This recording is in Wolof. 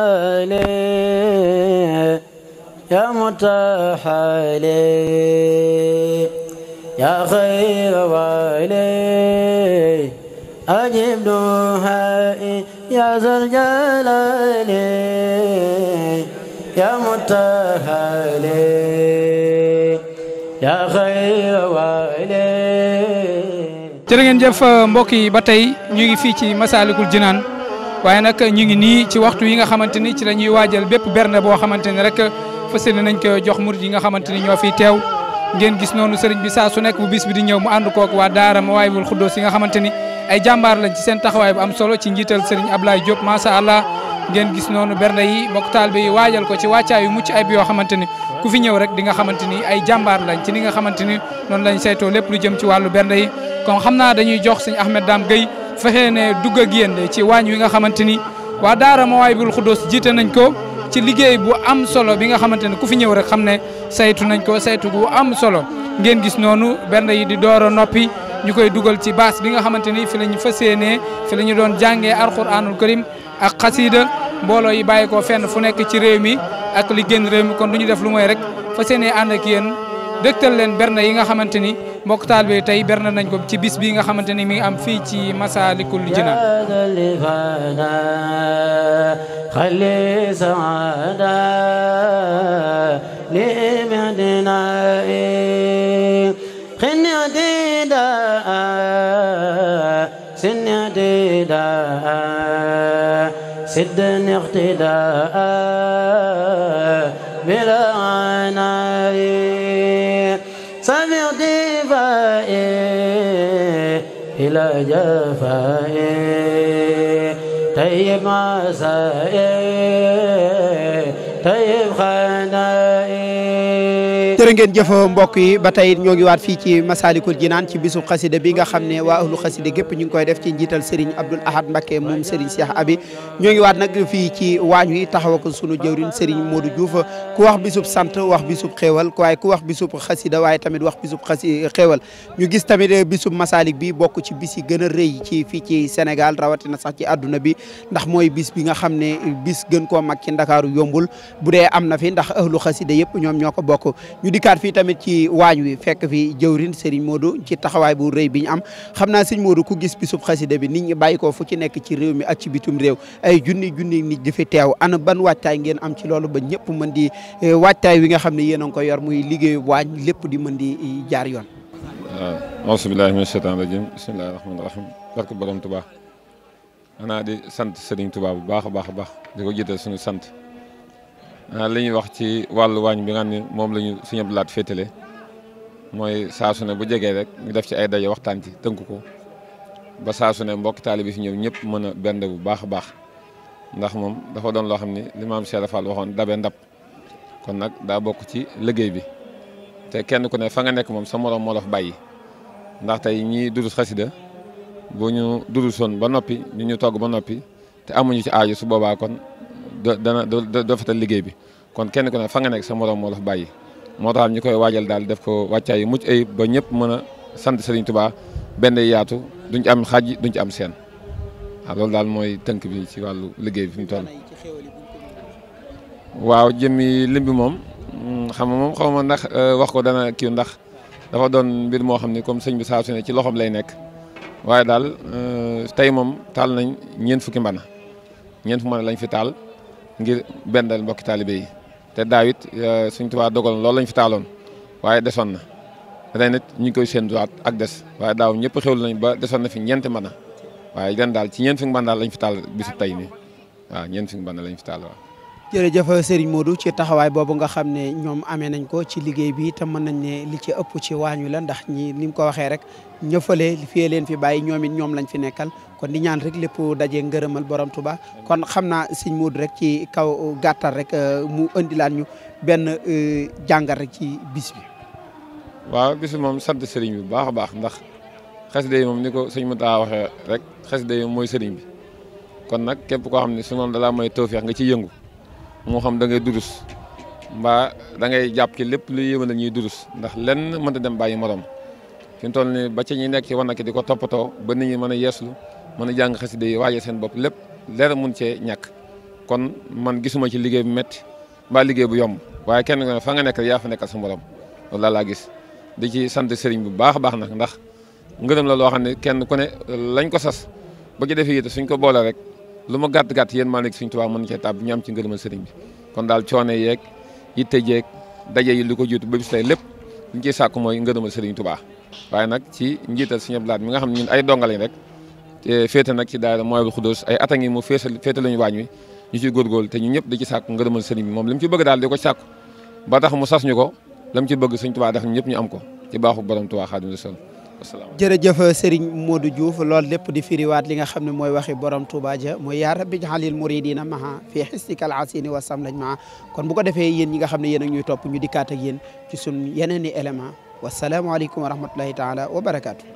علي يا متاح علي يا خير والي أجب دعائي يا ذا الجلال يا متاح علي يا خير والي jërë ngeen jëf mbokk yi ba tey ñu ngi fii ci Masaalikul Jinaan waaye nag ñu ngi nii ci waxtu yi nga xamante ni ci la ñuy waajal bépp bernde boo xamante ni rek fas yéene nañ ko jox murid yi nga xamante ni ñoo fiy teew ngeen gis noonu sëriñ bi saa su nekk bu bis bi di ñëw mu ànd kook waa daara Mawaahibul Xuddoos yi nga xamante ni ay jàmbaar lañ ci seen taxawaay bu am solo ci njiital sëriñ Ablaye Diop macha allah ngeen gis noonu bernde yi mbokk taalibe yi waajal ko ci wàccaa yu mucc ayib yoo xamante ni ku fi ñëw rek di nga xamante ni ay jàmbaar lañ ci li nga xamante ni noonu lañ saytoo lépp lu jëm ci wàllu bernde yi kon xam naa dañuy jox sëñ Ahmed Dame Gueye fexe ne dugg ak ci waañ wi nga xamante ni waa daara Mawaahibul Xuddoos jiite nañ ko ci liggéey bu am solo bi nga xamante ne ku fi ñëw rek xam ne saytu nañ ko saytu bu am solo ngeen gis noonu benn yi di door a noppi ñu koy dugal ci baas bi nga xamante ni fi la ñu fas yéenee fi la ñu doon jàngee alxuraanul karim ak xasiida mbooloo yi bàyyi ko fenn fu nekk ci réew mi ak li génn réew mi kon du ñu def lu moy rek fas yéenee ànd ak yéen dëgtal leen berne yi nga xamante ni mbokk taal bi tey berne nañ ko ci bis bi nga xamante ni mi ngi am fii ci Masaalikul Jinaan خن عديدا سن عديدا سدن اقتداء بلا عناي سمع جفاء إلى جفاء طيب مساء طيب خناء jërë ngeen jëf mbokk yi ba tey ñoo ngi waat fii ci Masaalikul Jinaan ci bisu xasida bi nga xam ne waa ahlu xasida gépp ñu ngi koy def ci njiital Serigne Abdoul Ahad Mbacké moom Serigne Cheikh Abi ñoo ngi waat nag fii ci waañ wi taxaw ak sunu jëwriñ Serigne Modou Diouf ku wax bisub sant wax bisub xéewal waaye ku wax bisub xasida waaye tamit wax bisub xasi xéewal ñu gis tamit eh, bisu Masaalik bi bokk ci bis yi gën a rëy ci fii ci Sénégal rawatina sax ci àdduna bi ndax mooy bis bi nga xam ne bis gën koo mag ci Ndakaaru yombul bu dee am na fi ndax ahlu yëpp ñoom ñoo ko bokk ñu dikkaat fii tamit ci waañ wi fekk fi jawrin Serigne moodo ci taxawaay bu rëy bi ñu am xam naa Serigne Modou ku gis bisub xasida bi nit ñi bàyyi ko fu ci nekk ci réew mi ak ci bitum réew ay junni junni nit di fi teew ana ban waajtaay ngeen am ci loolu ba ñëpp mën di eh, waajtaay wi nga xam ne yéen a ngi ko yor muy liggéeyu waañ lépp di mën di eh, jaar yoon waaw aasubillahi mina sheytaan rajim bismillahi rahmaani rahim barke borom Tuubaa xanaa di sant Serigne Touba bu baax a baax a baax di ko jiital suñu sant Euh, li ñuy wax ci wàllu waañ bi nga xam moom la ñu suñu laat féetale mooy saasu bu jegee rek ñu def ci ay daje waxtaan ci tënk ko ba saasu ne mbokk taalibe yi fi ñëw ñëpp mën a bend bu baax a baax ndax moom dafa doon loo xam ne li maam Cheikh Fall waxoon dabe ndab kon nag daa bokk ci liggéey bi te kenn ku ne fa nga nekk moom sa moroom moo bàyyi ndax tey ñii durus xasida bu ñu durusoon ba noppi ni ñu togg ba noppi te amuñu ci aaju su boobaa kon dana dofetal liggéey bi kon kenn ku ne fa nga nekk sa morom moo la fa bàyyi moo tax ñu koy waajal daal def ko wàccaay yu mucc ayib ba ñëpp mën a sant Serigne tubaa benn yaatu duñ ci am xaaj duñ ci am seen waaw daal mooy tënk bi ci wàllu liggéey bi fi mu toll. waaw jëmmi lim bi moom mm, xam moom xaw ma ndax euh, wax ko dana kii ndax dafa doon mbir moo xam ni comme sëñ bi saa su ne ci loxoom lay nekk waaye daal euh, tey moom taal nañ ñeent fukki mbana ñeent fu mbana lañ fi taal. ngir bendal mbokki taalibe yi te daaw it e, Sëriñ Tuubaa dogal loolu lañ fi taaloon waaye desoon na ren it ñu ngi koy séentuwaat ak des waaye daaw ñëpp xewlu nañ ba desoon na fi ñeenti mën a waaye ren daal ci ñeent fi mu mën daal lañ fi taal bisu tey nii waaw ñeent fi mu mën lañ fi taal jërëjëf Serigne Modou ci taxawaay boobu nga xam ne ñoom amee nañ ko ci liggéey bi te mën nañ ne li ci ëpp ci waañ wi la ndax ñi nim ko waxee rek ñëfale fiyee leen fi bàyyi ñoom it ñoom lañ fi nekkal kon di ñaan rek lépp dajee ngërëmal borom Tuba kon xam naa Serigne Modou rek ci kaw gàttal rek euh, mu indilaan ñu benn euh, jàngat rek ci bis waaw bis moom sant Serigne bu baax a baax ndax xasida yi moom ni ko sëñ Mouta waxee rek de yi mooy sëriñ bi kon nag képp koo xam ne su moom dalaa mooy tawfeex nga ciy yëngu moo xam da ngay durus mbaa da ngay jàpp ci lépp lu yéwén la ñuy durus ndax lenn mënta dem bàyyi morom fi ne toll nii ba ci ñi nekk ci wan ak di ko toppatoo ba nit ñi mën a yeeslu mën a jàng xasida yi waaje seen bopp lépp leer mun cee ñàkk kon man gisuma ci liggéey bu métti mbaa liggéey bu yomb waaye kenn ku ne fa nga nekk yaa fa nekkal sa morom loolu laa laa gis di ci sant sëriñ bu baax a baax nag ndax ngërëm la loo xam ne kenn ku ne lañ ko sas ba ci defee it suñ ko boole rek lu ma gàtt gàtt yéen Malick Sëriñ Tuubaa mën cee tàbb ñu am ci ngërëmal sëriñ bi kon daal coono yeeg yitte jeeg daje yi lu ko jiitu ba bis tey lépp liñ ciy sàkku mooy ngërëmal sëriñ Tuubaa waaye nag ci njiital Sëriñ Abdou mi nga xam ne ñun ay dongalañ rek féete nag ci daayira Mawahibou Khoudoss ay at a ngi mu féesal féete lañu waañ wi ñu ciy góorgóorlu te ñu ñëpp di ci sàkku ngërëmal sëriñ bi moom li mu ci bëgg daal di ko sàkku ba tax mu sas ñu ko lam ci bëgg Sëriñ Tuubaa def ñëpp ñu am ko ci baaxu borom Tuubaa Xaadimu sol jërëjëf Serigne Modou Diouf lool lépp di firiwaat li nga xam ne mooy waxi borom Touba ja mooy yaa rabbi jaxalil muridina maha fi xistikal asini wa samlañ ma kon bu ko defee yéen ñi nga xam ne yéen ak ñuy topp ñu dikkaat ak yéen ci sun yeneen i élément wasalaamualeykum wa rahmatullahi taala wa barakaatu